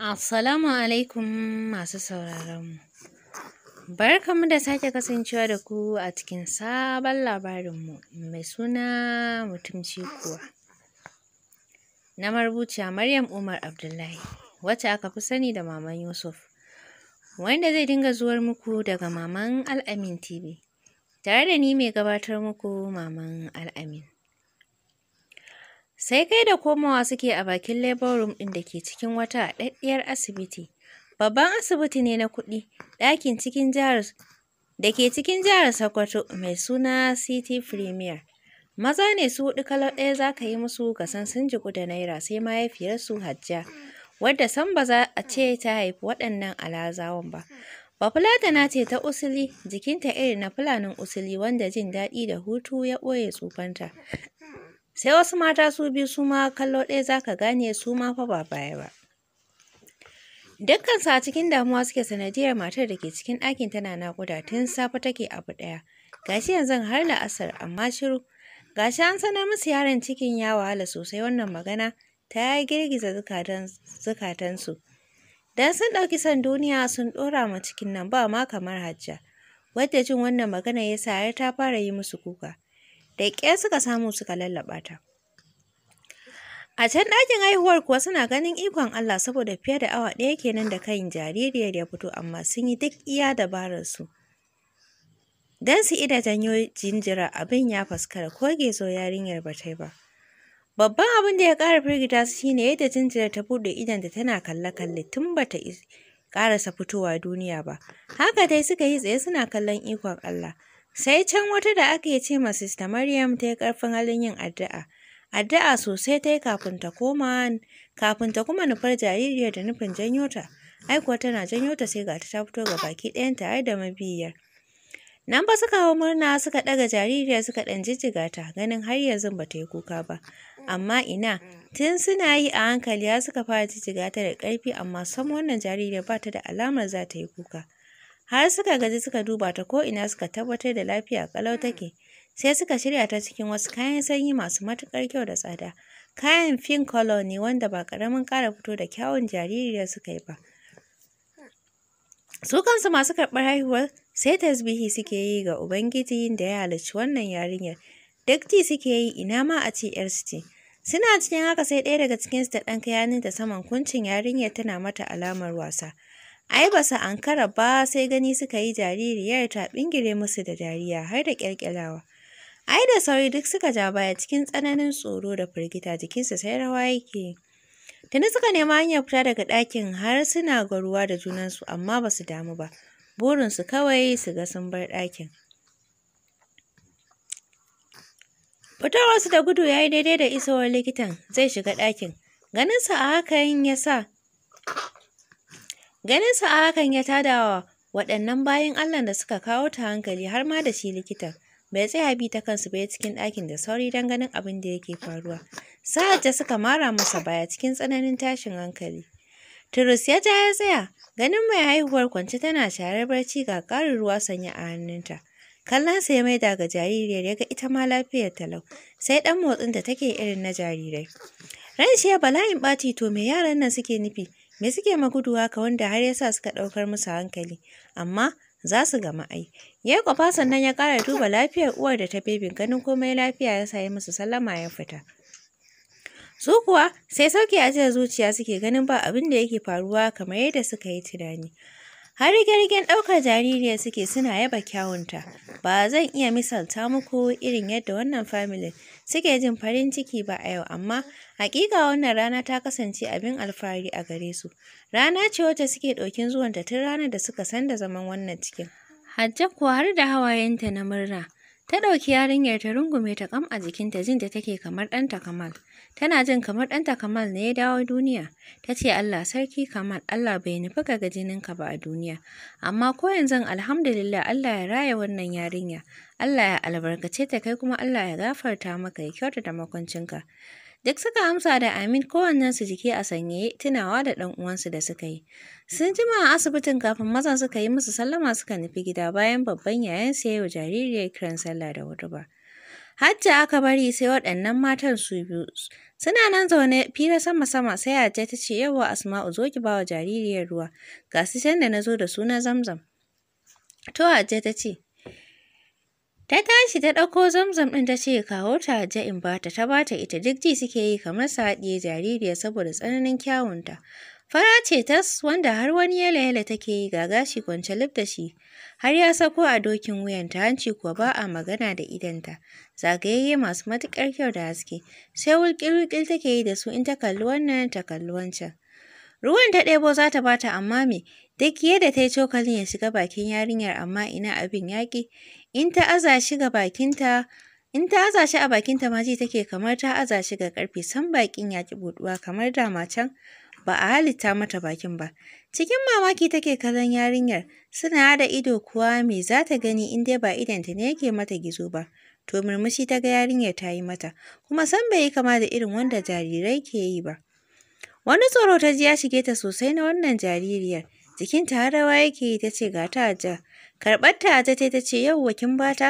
Assalamu alaikum masu sauraron mu. Barkanmu da sake kasancewa da ku a cikin sabon labarinmu mai suna mutumci kuwa. Na marubuciya Maryam Umar Abdullahi wacce aka fi sani da Maman Yusuf, wanda zai dinga zuwar muku daga Maman Al'amin TV, tare da ni mai gabatar muku Maman Al'amin. Sai kai da komawa suke a bakin labor room ɗin da ke cikin wata haɗaɗɗiyar asibiti. Babban asibiti ne na kuɗi, ɗakin cikin jihar da ke cikin jihar Sokoto mai suna City Premier. Maza ne su huɗu kalo ɗaya za ka yi musu kasan sun jiku da naira sai mahaifiyarsu Hajja, wadda san ba za a ce ta haifi waɗannan alazawan ba. Bafulatana ce ta usuli, jikinta irin na fulanin usuli wanda jin daɗi da hutu ya ɓoye tsufanta. sai wasu mata su biyu su ma kallo ɗaya za ka gane su ma fa ba baya ba dukkansu a cikin damuwa suke sanadiyar matar da ke cikin ɗakin tana naƙuda tun safe take abu ɗaya gashi yanzu har la'asar amma shiru gashi an sanar musu yaron cikin ya wahala sosai wannan magana ta ya girgiza zukatansu dan sun ɗauki san duniya sun ɗora ma cikin nan ba ma kamar hajja wadda jin wannan magana ya sa ya ta fara yi musu kuka da ƙyar suka samu suka lallaɓa ta. A can ɗakin haihuwar kuwa suna ganin ikon Allah saboda fiye da awa ɗaya kenan da kan jaririyar ya fito amma sun yi duk iya su. Don su ida janyo jinjira abin ya faskara ko gezo yarinyar ba ta ba. Babban abin da ya ƙara firgita su shi ne yadda jinjira ta buɗe idan da tana kalle-kalle tun ba ta ƙarasa fitowa duniya ba. Haka dai suka yi tsaye suna kallon ikon Allah. Sai can wata da ake ce ma Sista Maryam ta yi ƙarfin halin yin addu'a. Addu'a sosai ta yi kafin ta koma kafin ta kuma nufar jaririyar da nufin janyo ta. Ai kuwa tana janyo ta sai ga ta fito ga baki ɗayan tare da mabiyar. Nan ba suka hau murna suka ɗaga jaririyar suka ɗan jijjiga ta ganin har yanzu ba ta yi kuka ba. Amma ina tun suna yi a hankali ya suka fara jijjiga ta da ƙarfi amma sam wannan jaririyar ba ta da alamar za ta yi kuka. Har suka gaji suka duba ta ko ina suka tabbatar da lafiya kalau take. Sai suka shirya ta cikin wasu kayan sanyi masu matukar kyau da tsada. Kayan fin color ne wanda ba karamin kara fito da kyawun jaririyar suka yi ba. Su kansu masu karɓar haihuwar sai tasbihi suke yi ga Ubangiji da ya halicci wannan yarinyar. Duk ji suke yi ina ma a ce ‘yarsu ce. Suna cikin haka sai ɗaya daga cikinsu ta ɗan kayanin da saman kuncin yarinyar tana mata alamar wasa. Ai ba su ankara ba sai gani suka yi jaririyar ta bingire musu da dariya har da kyalkyalawa. Ai da sauri duk suka ja baya cikin tsananin tsoro da firgita jikinsu sai rawa yake. Tuni suka nema hanyar fita daga ɗakin har suna garuwa da junansu amma ba su damu ba. Burinsu kawai su ga sun bar ɗakin. Fitowarsu da gudu ya yi daidai da isowar likitan zai shiga ɗakin. Ganinsa a hakan ya sa Ganin sa kan hakan ya tada wa waɗannan bayan Allah da suka kawo ta hankali har ma da shi likitan. Bai tsaya bi ta kansu bai cikin ɗakin da sauri don ganin abin da yake faruwa. Sa'ad da suka mara masa baya cikin tsananin tashin hankali. Turus ya ja ya tsaya, ganin mai haihuwar kwance tana sharar barci ga ƙarin ruwa sanya a hannunta. Kallon sa ya maida ga jaririyar ya ga ita ma lafiyar talau, sai ɗan motsin da take irin na jarirai. Ran shi ya bala'in ɓaci to me yaran nan suke nufi? Me suke maguduwa haka wanda har ya sa suka ɗaukar musu hankali, amma za su gama ai. Ya kwafa sannan ya ƙara duba lafiyar uwar da ta bebin ganin komai lafiya ya sayi musu sallama ya fita. Su kuwa sai sauki a jiya zuciya suke ganin ba abin da yake faruwa kamar yadda suka yi tunani. Har rigirgen ɗaukar jaririyar suke suna yaba kyawunta. Ba zan iya misalta muku irin yadda wannan familin suke jin farin ciki ba a yau amma Hakika wannan rana ta kasance abin alfahari a gare su. Rana ce wacce suke ɗokin zuwanta tun ranar da suka san da zaman wannan cikin. Hajja kuwa har da hawayenta na murna. Ta ɗauki yarinyar ta rungume ta kam a jikinta jin da take kamar ɗanta Kamal. Tana jin kamar ɗanta Kamal ne ya dawo duniya. Ta ce Allah sarki Kamal Allah bai nufi ka ga ka ba a duniya. Amma ko yanzu alhamdulillah Allah ya raya wannan yarinya. Allah ya albarkace ta kai kuma Allah ya gafarta maka ya kyauta kyautata makwancinka. Duk suka amsa da Amin su jiki a sanyaye tunawa da ɗan uwansu da suka yi. Sun jima a asibitin kafin mazan suka yi musu sallama suka nufi gida bayan babban yayan ya yi wa jaririyar kiran sallah da ba. Hajja aka bari sai waɗannan matan su biyu. Suna nan zaune fira sama-sama sai Hajja ta ce yawa Asma'u zo ki ba wa jaririyar ruwa. Ga su can da na zo da suna zamzam. To Hajja ta ce, Ta tashi ta ɗauko zamzam ɗin ta ce kawo ta ja'in in bata ta bata ita duk ji suke yi kamar su jaririya saboda tsananin kyawunta. Fara ce tas wanda har wani yala-yala take yi ga gashi kwance lif shi. Har ya sako a dokin wuyan ta hanci kuwa ba a magana da idanta. Zagayayye masu matuƙar kyau da haske. Sai wulƙil-wulƙil take yi da su in ta kalli wannan ta kalli wancan. Ruwan ta ɗebo za ta bata amma me? Duk yadda ta yi cokalin ya shiga bakin yarinyar amma ina abin yaƙi. In ta aza shi ga bakinta, in ta aza shi a bakinta ma ji take kamar ta aza shi ga karfe san bakin ya ki buɗuwa kamar da macan ba a halitta mata bakin ba. Cikin mamaki take kallon yarinyar, suna da ido kuwa me za ta gani in dai ba idanta ne yake mata gizo ba. To murmushi ta ga yarinyar ta yi mata, kuma san bai yi kama da irin wanda jarirai ke yi ba. Wani tsoro ta ji ya shige ta sosai na wannan jaririyar, jikinta har rawa yake ta ce ga ta ja. Karɓar ta ta ta ce yau wakin bata.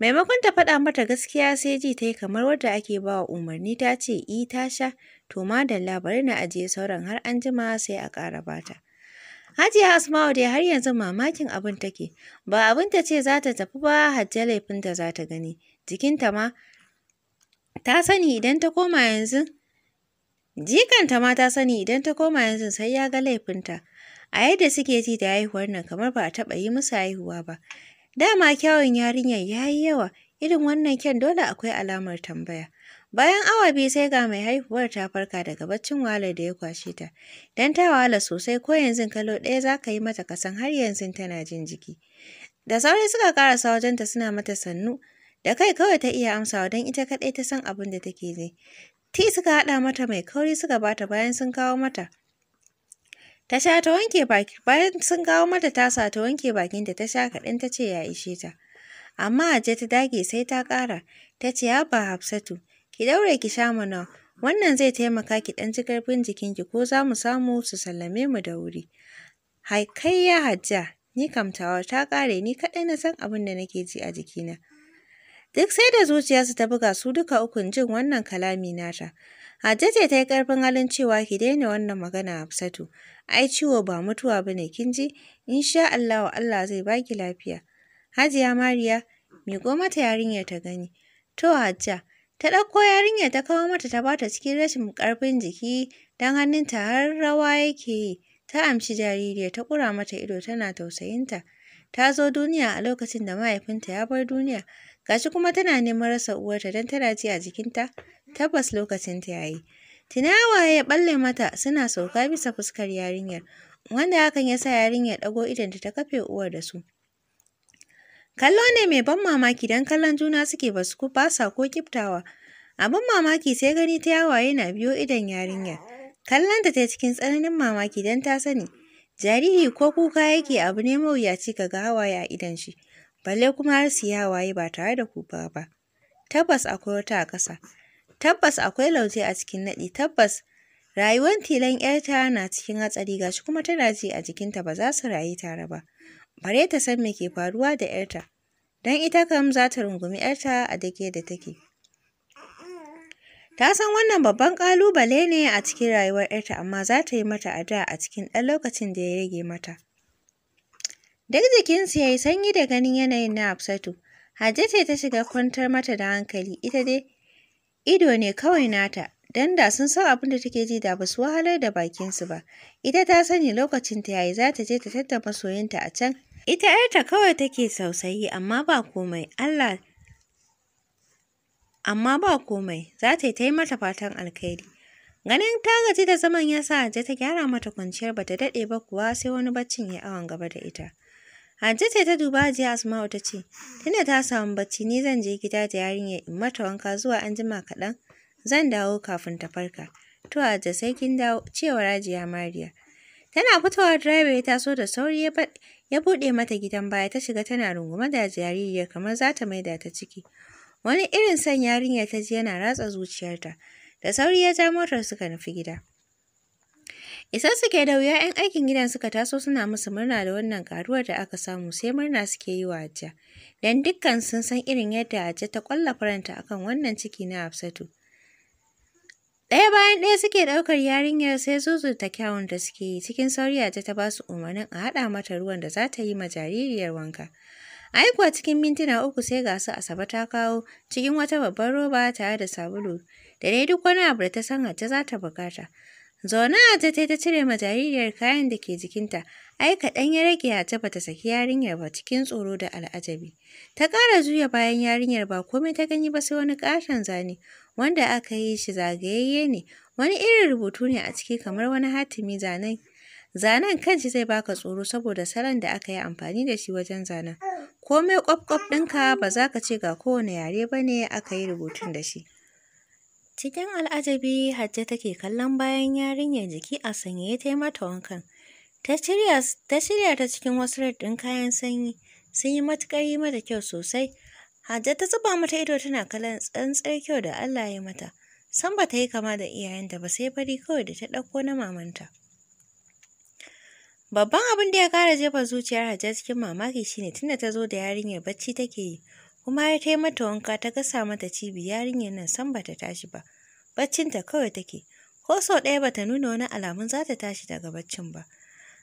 Maimakon ta faɗa mata gaskiya sai ji ta yi kamar wadda ake ba wa umarni ta ce i ta sha to madalla bari na ajiye sauran har an jima sai a ƙara bata. Hajiya Asma'u dai har yanzu mamakin abin take ba abin ta ce za ta tafi ba hajja da za ta gani jikinta ma ta sani idan ta koma yanzu jikanta ma ta sani idan ta koma yanzu sai ya ga laifinta. A yadda suke ji da haihuwar nan kamar ba a taɓa yi musu haihuwa ba. Dama kyawun yarinyar ya yi yawa, irin wannan kyan dole akwai alamar tambaya. Bayan awa biyu sai ga mai haihuwar ta farka daga baccin wahalar da ya kwashe ta. Dan ta wahala sosai ko yanzu kalo ɗaya za ka yi mata kasan har yanzu tana jin jiki. Da sauri suka karasa wajenta suna mata sannu, da kai kawai ta iya amsawa don ita kaɗai ta san abin da take ji. Ti suka haɗa mata mai kauri suka bata bayan sun kawo mata Ta sha ta wanke baki bayan sun kawo mata tasa ta wanke bakin da ta sha kaɗan ta ce ya ishe ta. Amma Hajja ta dage sai ta ƙara ta ce haba Hafsatu ki ɗaure ki sha mana wannan zai taimaka ki ɗan ji ƙarfin jikinki ko za mu samu su sallame mu da wuri. Haikayya Hajja ni kamtawa ta ƙare ni kaɗai na san abin da nake ji a jikina. Duk sai da zuciyarsu ta buga su duka ukun jin wannan kalami nata. Hajjaje ta yi ƙarfin halin cewa ki daina wannan magana Hafsatu. Ai ciwo ba mutuwa ba ne kin ji? Insha Allahu Allah zai baki lafiya. Hajiya Mariya me ko mata yarinyar ta gani. To Hajja, ta ɗauko yarinyar ta kawo mata ta bata cikin rashin ƙarfin jiki don hannunta har rawa yake yi. Ta amshi jaririyar ta ƙura mata ido tana tausayinta. Ta zo duniya a lokacin da mahaifinta ya bar duniya. Gashi kuma tana neman rasa uwarta don tana ji a jikinta tabbas lokacin ta ya yi. Tinawa ya balle mata suna sauka bisa fuskar yarinyar, wanda hakan ya sa yarinyar ɗago idanta ta kafe uwar da su. Kallo ne mai ban mamaki dan kallon juna suke ba su ba sa ko kiftawa. Abin mamaki sai gani ta yawaye na biyo idan yarinyar. Kallon ta cikin tsananin mamaki dan ta sani. Jariri ko kuka yake abu ne mawuyaci ka ga hawaye a idon shi, balle kuma har su yawaye ba tare da kuka ba. Tabbas akwai wata a ƙasa. Tabbas akwai lauje a cikin naɗi, tabbas rayuwar tilan ‘yarta na cikin hatsari Gashi kuma tana ji a jikinta ba za su rayu tare ba. Bare ta san me ke faruwa da ‘yarta, don ita kam za ta rungumi ‘yarta a dake da take. Ta san wannan babban ƙalubale ne a cikin rayuwar ‘yarta amma za ta yi mata da a cikin ɗan lokacin da ya rage mata. Duk jikinsu ya yi sanyi da ganin yanayin na Hafsatu. Hajja ce ta shiga kwantar mata da hankali, ita dai Ido ne kawai nata, don da sun san abin da take ji da ba su wahalar da bakinsu ba. Ita ta sani lokacin ta yayi za ta je ta tattaba soyinta a can. Ita ‘yarta kawai take sausayi amma ba komai, Allah amma ba komai, za ta yi mata fatan alkhairi. Ganin ta gaji da zaman ya sa ta gyara mata kwanciyar ba ta daɗe ba kuwa sai wani baccin ya awon gaba da ita. Hajja ce ta duba jiya, Asma'u ta ce, tunda ta samu bacci ni zan je gida da yarinya in mata wanka zuwa an jima kaɗan zan dawo kafin ta farka. To da sai kin dawo cewa rajiya Mariya. Tana fitowa direba ya taso da sauri ya buɗe mata gidan baya ta shiga tana rungume da jaririya kamar za ta maida ta ciki. Wani irin son yarinya ta ji yana ratsa zuciyarta. Da sauri ya ja motar suka nufi gida. Isa suke da wuya 'yan aikin gidan suka taso suna musu murna da wannan karuwar da aka samu sai murna suke yi wa ajiya. Don dukkan sun san irin yadda ajiya ta kwalla faranta akan wannan ciki na Hafsatu. Ɗaya bayan ɗaya suke ɗaukar yarinyar sai zuzu ta kyawun da suke yi cikin sauri ajiya ta basu umarnin a haɗa mata ruwan da za ta yi ma jaririyar wanka. Aikuwa cikin mintuna uku sai ga su Asabe ta kawo cikin wata babbar roba tare da sabulu da dai duk wani abu da ta san ajiya za ta bukata. Zaune ta ta ta cire ma jaririyar kayan da ke jikinta, ai kaɗan ya rage a ta bata saki yarinyar ba cikin tsoro da al'ajabi. Ta ƙara juya bayan yarinyar ba komai ta gani ba sai wani ƙashin zane wanda aka yi shi zagayayye ne, wani irin rubutu ne a ciki kamar wani hatimi zanen. Zanen kan shi zai baka tsoro saboda salon da aka yi amfani da shi wajen zanen. Komai ƙwaf-ƙwaf ɗinka ba za ka ce ga kowane yare ba ne aka yi rubutun da shi. Cikin al'ajabi Hajja take kallon bayan yarinyar jiki a sanye ta yi mata wankan. Ta shirya ta cikin wasu raddin kayan sanyi, sun yi matuƙar yi mata kyau sosai. Hajja ta zuba mata ido tana kallon tsantsar kyau da Allah ya mata. San ba ta yi kama da iyayenta ba sai bari kawai da ta ɗauko na mamanta. Babban abin da ya ƙara jefa zuciyar Hajja cikin mamaki shine tunda ta zo da yarinyar bacci take yi. kuma ya tai mata wanka ta gasa mata cibi yarinyar nan san bata tashi ba baccin ta kawai take ko sau ɗaya bata nuna wani alamun za ta tashi daga baccin ba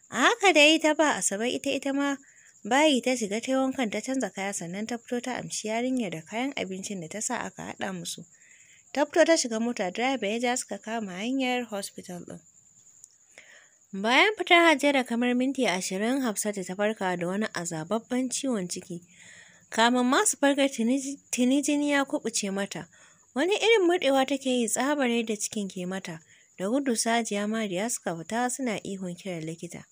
a haka da yi ta ba asabe ita ita ma bayi ta shiga ta wankan ta canza kaya sannan ta fito ta amshi yarinyar da kayan abincin da ta sa aka haɗa musu ta fito ta shiga mota direba ya ja suka kama hanyar hospital ɗin bayan fitar hajjiyar kamar minti ashirin hafsatu ta farka da wani azababban ciwon ciki Kamin masu su farka tuni jini ya kubuce mata. Wani irin murɗewa take yi tsabar da cikin ke mata. Da gudu Sajiya Mariya suka fita suna ihun kiran likita.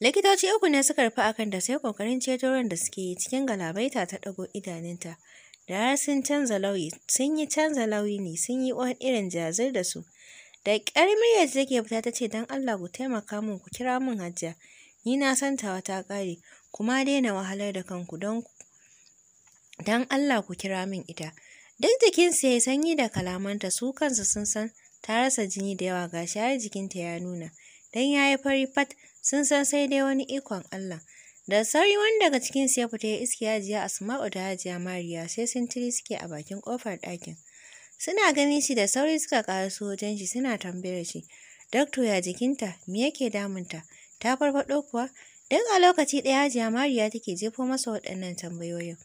Likitoci uku ne suka rufe akan da sai kokarin ceto ran da suke yi cikin galabaita ta ɗago idanunta. Da har sun canza lauyi, sun yi canza lauyi ne, sun yi wani irin jazir da su. Da ƙyar muryar take fita ta ce don Allah ku taimaka min ku kira mun hajja. Ni na santawa ta ƙare. kuma daina wahalar da kanku don dan Allah ku kira min ita. Duk jikinsu ya yi sanyi da kalamanta su kansu sun san ta rasa jini da yawa gashi har jikinta ya nuna. Dan ya yi fari fat sun san sai dai wani ikon Allah. Da sauri wani daga cikinsu ya fita ya iske hajiya Asma'u da hajiya Mariya sai sun tiri suke a bakin kofar ɗakin. Suna ganin shi da sauri suka su wajen shi suna tambayar shi. Dakto ya jikinta me yake damunta? Ta farfaɗo kuwa? Duk a lokaci ɗaya Hajiya Mariya take jefo masa waɗannan tambayoyin.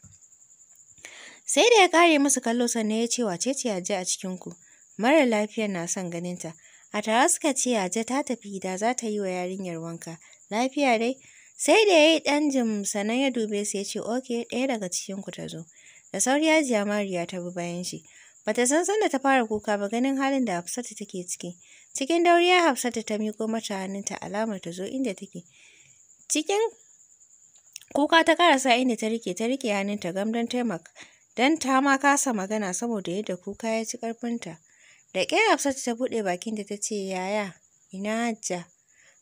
Sai da ya ƙare masa kallo sannan ya ce wace ce Yaje a cikinku? Mara lafiyar na son ganinta. A tare suka ce Yaje ta tafi da za ta yi wa yarinyar wanka. Lafiya dai? Sai da ya yi ɗan jim sannan ya dube su ya ce oke ɗaya daga cikinku ta zo. Da sauri Hajiya Mariya ta bi bayan shi. Bata san sanda ta fara kuka ba ganin halin da Hafsatu take ciki. Cikin dauriya Hafsatu ta miƙo mata hannunta alamar ta zo inda take. Cikin kuka ta karasa inda ta rike ta rike hannunta gam don taimaka don ta ma kasa magana saboda yadda kuka ya ci ƙarfinta. Da ƙyar Hafsatu ta buɗe bakin da ta ce yaya ina hajja.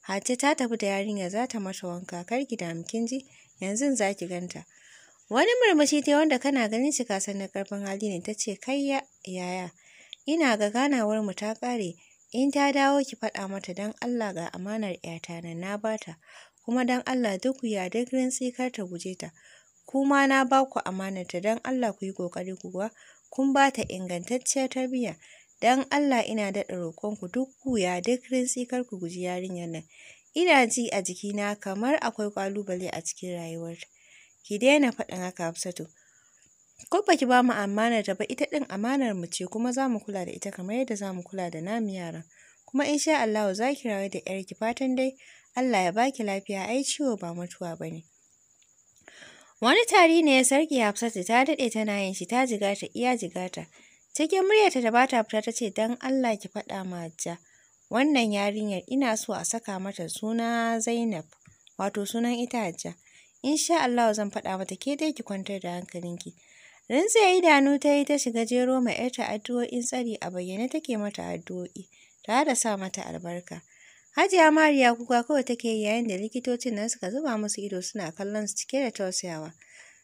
Hajja ta tafi da yarinya za ta mata wanka kar ki damu kin ji yanzu za ki ganta. Wani murmushi ta wanda kana ganin shi ka san na karfin hali ne ta ce kai yaya ina ga ganawar mu ta ƙare in ta dawo ki faɗa mata don Allah ga amanar 'yata na, na bata kuma don Allah duk ya duk rintsi kar ta guje ta. Kuma na ba ku amanarta don Allah ku yi ƙoƙari ku ga kun ba ta ingantacciyar tarbiyya. Don Allah ina daɗa roƙonku duk ya duk rintsi kar ku guji yarinyar nan. Ina ji a jikina kamar akwai ƙalubale a cikin rayuwarta. Ki daina faɗin haka Hafsatu. Ko ba ki ba mu amanar ta ba ita ɗin amanar mu ce kuma za mu kula da ita kamar yadda za mu kula da namu yaran. Kuma insha Allah za ki rayu da ‘yarki fatan dai Allah ya baki lafiya ai ciwo ba mutuwa ba ne. Wani tari ne ya sarki Hafsatu ta daɗe tana yin shi ta jigata iya jigata. Cikin muryarta da bata fita ta ce don Allah ki faɗa ma ja. Wannan yarinyar ina so a saka mata suna Zainab wato sunan ita ja. Insha Allah zan faɗa mata ke dai ki kwantar da hankalinki. Rinsa idanu ta yi ta shiga jero ma ‘yarta addu'o'in tsari a bayyane take mata addu'o'i ta da sa mata albarka. Hajiya Mariya kuka kawai take yayin da likitocin nan suka zuba musu ido suna kallon su cike da tausayawa.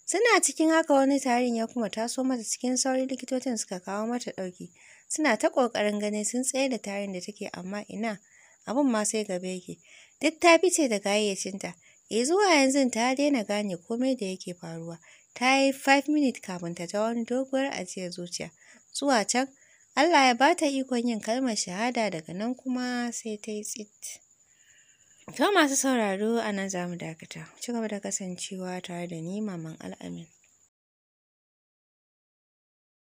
Suna cikin haka wani tarin ya kuma taso mata cikin sauri likitocin suka kawo mata ɗauki. Suna ta ƙoƙarin ganin sun tsaye da tarin da take amma ina abin ma sai gaba yake. Duk ta fice da gayyacinta. E zuwa yanzu ta daina gane komai da yake faruwa. Ta yi 5 minutes kafin ta ta wani doguwar ajiyar zuciya. Zuwa can Allah ya bata ikon yin kalmar shahada daga nan kuma sai ta yi tsit. To masu sauraro a nan za mu dakata. Ci gaba da kasancewa tare da ni Maman Al'amin.